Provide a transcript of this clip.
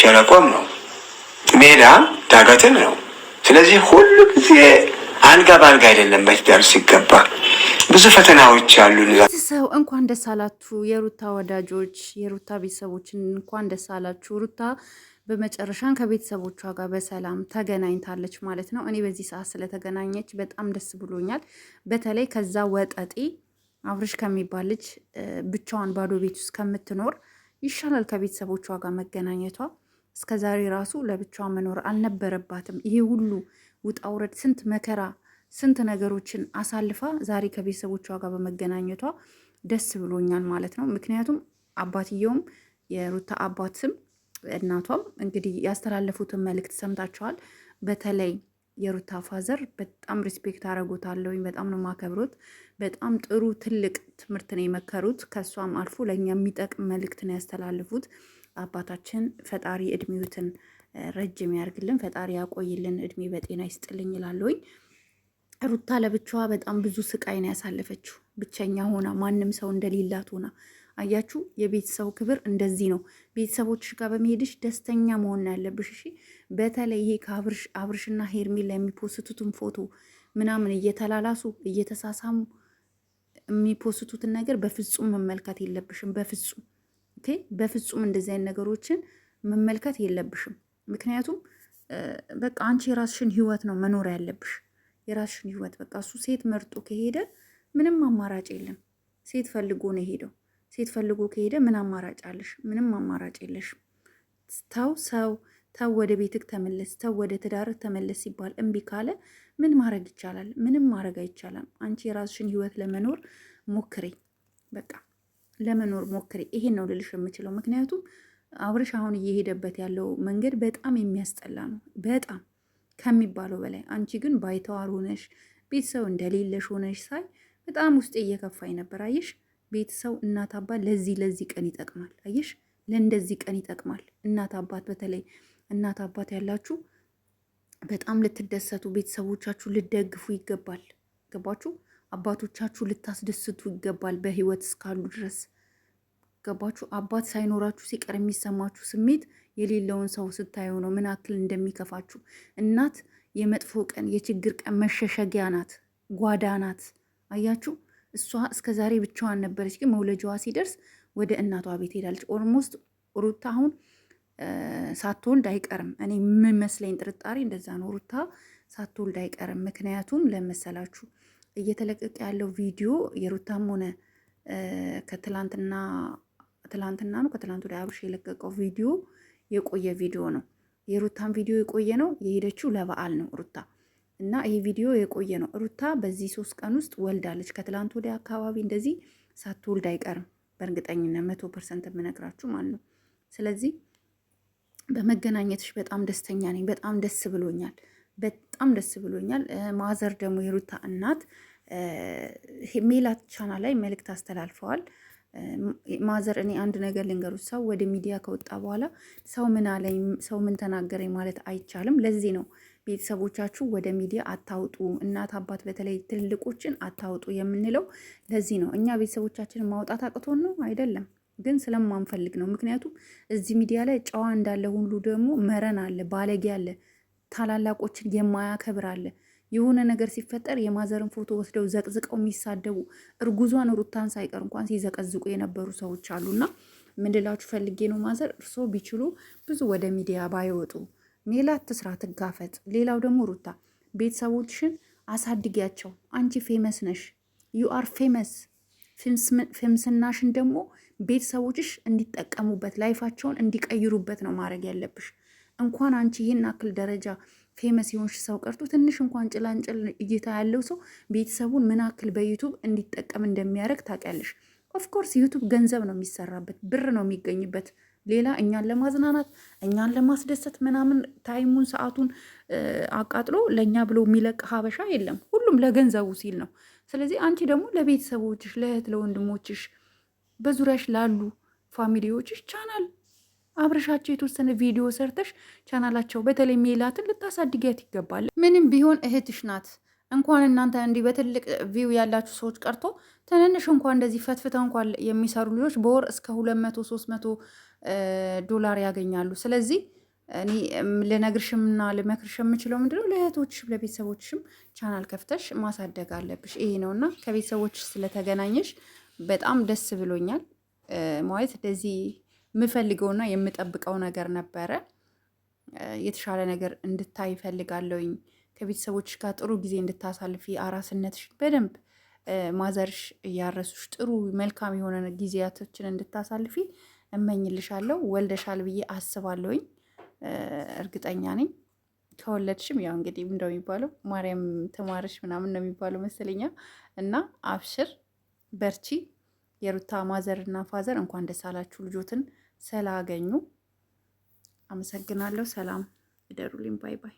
ሸለቆም ነው፣ ሜዳ ዳገትም ነው። ስለዚህ ሁሉ ጊዜ አልጋ በአልጋ አይደለም በትዳር ሲገባ ብዙ ፈተናዎች አሉ። ሰው እንኳን ደስ አላችሁ፣ የሩታ ወዳጆች፣ የሩታ ቤተሰቦችን እንኳን ደስ አላችሁ። ሩታ በመጨረሻን ከቤተሰቦቿ ጋር በሰላም ተገናኝታለች ማለት ነው። እኔ በዚህ ሰዓት ስለተገናኘች በጣም ደስ ብሎኛል። በተለይ ከዛ ወጠጤ አብርሽ ከሚባል ልጅ ብቻዋን ባዶ ቤት ውስጥ ከምትኖር ይሻላል ከቤተሰቦቿ ጋር መገናኘቷ። እስከዛሬ ራሱ ለብቻዋ መኖር አልነበረባትም። ይሄ ሁሉ ውጣ ውረድ፣ ስንት መከራ፣ ስንት ነገሮችን አሳልፋ ዛሬ ከቤተሰቦቿ ጋር በመገናኘቷ ደስ ብሎኛል ማለት ነው። ምክንያቱም አባትየውም የሩታ አባትም እናቷም እንግዲህ ያስተላለፉትን መልእክት ሰምታችኋል። በተለይ የሩታ ፋዘር በጣም ሪስፔክት አደረጎታለሁ። በጣም ነው ማከብሮት። በጣም ጥሩ ትልቅ ትምህርት ነው የመከሩት። ከእሷም አልፎ ለእኛ የሚጠቅም መልእክት ነው ያስተላልፉት። አባታችን ፈጣሪ እድሜዎትን ረጅም ያርግልን፣ ፈጣሪ ያቆይልን፣ እድሜ በጤና ይስጥልኝ ይላለኝ። ሩታ ለብቻዋ በጣም ብዙ ስቃይ ነው ያሳለፈችው። ብቸኛ ሆና ማንም ሰው እንደሌላት ሆና አያችሁ። የቤተሰቡ ክብር እንደዚህ ነው። ቤተሰቦች ጋር በመሄድሽ ደስተኛ መሆን ያለብሽ። እሺ፣ በተለይ ይሄ ከአብርሽና ሄርሜላ የሚፖስቱትን ፎቶ ምናምን እየተላላሱ እየተሳሳሙ የሚፖስቱትን ነገር በፍጹም መመልከት የለብሽም በፍጹም ኦኬ። በፍጹም እንደዚህ አይነት ነገሮችን መመልከት የለብሽም። ምክንያቱም በቃ አንቺ የራስሽን ህይወት ነው መኖር ያለብሽ፣ የራስሽን ህይወት በቃ እሱ ሴት መርጦ ከሄደ ምንም አማራጭ የለም። ሴት ፈልጎ ነው የሄደው። ሴት ፈልጎ ከሄደ ምን አማራጭ አለሽ? ምንም አማራጭ የለሽም። ተው ሰው ተው፣ ወደ ቤትክ ተመለስ፣ ተው ወደ ትዳርክ ተመለስ ሲባል እምቢ ካለ ምን ማድረግ ይቻላል? ምንም ማድረግ አይቻላም። አንቺ የራስሽን ህይወት ለመኖር ሞክሬ በቃ ለመኖር ሞክሪ። ይሄን ነው ልልሽ የምችለው። ምክንያቱም አብርሽ አሁን እየሄደበት ያለው መንገድ በጣም የሚያስጠላ ነው፣ በጣም ከሚባለው በላይ። አንቺ ግን ባይተዋር ሆነሽ ቤተሰብ እንደሌለሽ ሆነሽ ሳይ በጣም ውስጤ እየከፋኝ ነበር። አየሽ ቤተሰብ እናት አባት ለዚህ ለዚህ ቀን ይጠቅማል። አየሽ ለእንደዚህ ቀን ይጠቅማል። እናት አባት በተለይ እናት አባት ያላችሁ በጣም ልትደሰቱ ቤተሰቦቻችሁ ልደግፉ ይገባል። ገባችሁ? አባቶቻችሁ ልታስደስቱ ይገባል በህይወት እስካሉ ድረስ ገባችሁ። አባት ሳይኖራችሁ ሲቀር የሚሰማችሁ ስሜት የሌለውን ሰው ስታየው ነው ምን ያክል እንደሚከፋችሁ። እናት የመጥፎ ቀን የችግር ቀን መሸሸጊያ ናት፣ ጓዳ ናት። አያችሁ፣ እሷ እስከ ዛሬ ብቻዋን ነበረች፣ ግን መውለጃዋ ሲደርስ ወደ እናቷ ቤት ሄዳለች። ኦልሞስት ሩታ አሁን ሳትወልድ አይቀርም። እኔ የምመስለኝ ጥርጣሬ እንደዛ ነው። ሩታ ሳትወልድ አይቀርም። ምክንያቱም ለመሰላችሁ እየተለቀቀ ያለው ቪዲዮ የሩታም ሆነ ከትላንትና ትላንትና ነው ከትላንት ወደ አብርሽ የለቀቀው ቪዲዮ የቆየ ቪዲዮ ነው። የሩታም ቪዲዮ የቆየ ነው። የሄደችው ለበዓል ነው ሩታ እና ይሄ ቪዲዮ የቆየ ነው። ሩታ በዚህ ሶስት ቀን ውስጥ ወልዳለች። ከትላንት ወደ አካባቢ እንደዚህ ሳትወልድ አይቀርም በእርግጠኝነት መቶ ፐርሰንት የምነግራችሁ ማለት ነው። ስለዚህ በመገናኘትሽ በጣም ደስተኛ ነኝ። በጣም ደስ ብሎኛል። በጣም ደስ ብሎኛል። ማዘር ደግሞ የሩታ እናት ሜላት ቻና ላይ መልእክት አስተላልፈዋል። ማዘር እኔ አንድ ነገር ልንገሩት፣ ሰው ወደ ሚዲያ ከወጣ በኋላ ሰው ምን አለኝ፣ ሰው ምን ተናገረኝ ማለት አይቻልም። ለዚህ ነው ቤተሰቦቻችሁ ወደ ሚዲያ አታውጡ፣ እናት አባት፣ በተለይ ትልልቆችን አታውጡ የምንለው ለዚህ ነው። እኛ ቤተሰቦቻችንን ማውጣት አቅቶን ነው አይደለም፣ ግን ስለማንፈልግ ነው። ምክንያቱም እዚህ ሚዲያ ላይ ጨዋ እንዳለ ሁሉ ደግሞ መረን አለ፣ ባለጌ አለ። ታላላቆችን የማያከብር አለ። የሆነ ነገር ሲፈጠር የማዘርን ፎቶ ወስደው ዘቅዝቀው የሚሳደቡ እርጉዟን ሩታን ሳይቀር እንኳን ሲዘቀዝቁ የነበሩ ሰዎች አሉና ምንድላችሁ ፈልጌ ነው ማዘር እርሶ ቢችሉ ብዙ ወደ ሚዲያ ባይወጡ፣ ሜላት ትስራ ትጋፈጥ። ሌላው ደግሞ ሩታ ቤተሰቦችሽን አሳድጊያቸው። አንቺ ፌመስ ነሽ፣ ዩ አር ፌመስ። ፌምስናሽን ደግሞ ቤተሰቦችሽ እንዲጠቀሙበት ላይፋቸውን እንዲቀይሩበት ነው ማድረግ ያለብሽ። እንኳን አንቺ ይህን አክል ደረጃ ፌመስ የሆንሽ ሰው ቀርቶ ትንሽ እንኳን ጭላንጭል እይታ ያለው ሰው ቤተሰቡን ምን አክል በዩቱብ እንዲጠቀም እንደሚያደርግ ታውቂያለሽ። ኦፍኮርስ ዩቱብ ገንዘብ ነው የሚሰራበት፣ ብር ነው የሚገኝበት። ሌላ እኛን ለማዝናናት እኛን ለማስደሰት ምናምን ታይሙን ሰዓቱን አቃጥሎ ለእኛ ብሎ የሚለቅ ሀበሻ የለም። ሁሉም ለገንዘቡ ሲል ነው። ስለዚህ አንቺ ደግሞ ለቤተሰቦችሽ፣ ለእህት ለወንድሞችሽ፣ በዙሪያሽ ላሉ ፋሚሊዎችሽ ቻናል አብረሻቸው የተወሰነ ቪዲዮ ሰርተሽ ቻናላቸው በተለይ ሜላትን ልታሳድጊያት ይገባል። ምንም ቢሆን እህትሽ ናት። እንኳን እናንተ እንዲህ በትልቅ ቪው ያላችሁ ሰዎች ቀርቶ ትንንሽ እንኳን እንደዚህ ፈትፍተው እንኳን የሚሰሩ ልጆች በወር እስከ ሁለት መቶ ሶስት መቶ ዶላር ያገኛሉ። ስለዚህ እኔ ልነግርሽምና ልመክርሽ የምችለው ምንድነው ለእህቶችሽም ለቤተሰቦችሽም ቻናል ከፍተሽ ማሳደግ አለብሽ። ይሄ ነውና ከቤተሰቦች ስለተገናኘሽ በጣም ደስ ብሎኛል ማለት እንደዚህ የምፈልገውና የምጠብቀው ነገር ነበረ። የተሻለ ነገር እንድታይ ይፈልጋለውኝ። ከቤተሰቦች ጋር ጥሩ ጊዜ እንድታሳልፊ፣ አራስነትሽ በደንብ ማዘርሽ እያረሱሽ ጥሩ መልካም የሆነ ጊዜያቶችን እንድታሳልፊ እመኝልሻለሁ። ወልደሻል ብዬ አስባለሁኝ፣ እርግጠኛ ነኝ። ከወለድሽም ያው እንግዲህ እንደሚባለው ማርያም ተማረሽ ምናምን ነው የሚባለው መሰለኛ። እና አብሽር በርቺ። የሩታ ማዘር እና ፋዘር እንኳን ደስ አላችሁ ልጆትን ስላገኙ አመሰግናለሁ። ሰላም እደሩልኝ። ባይ ባይ።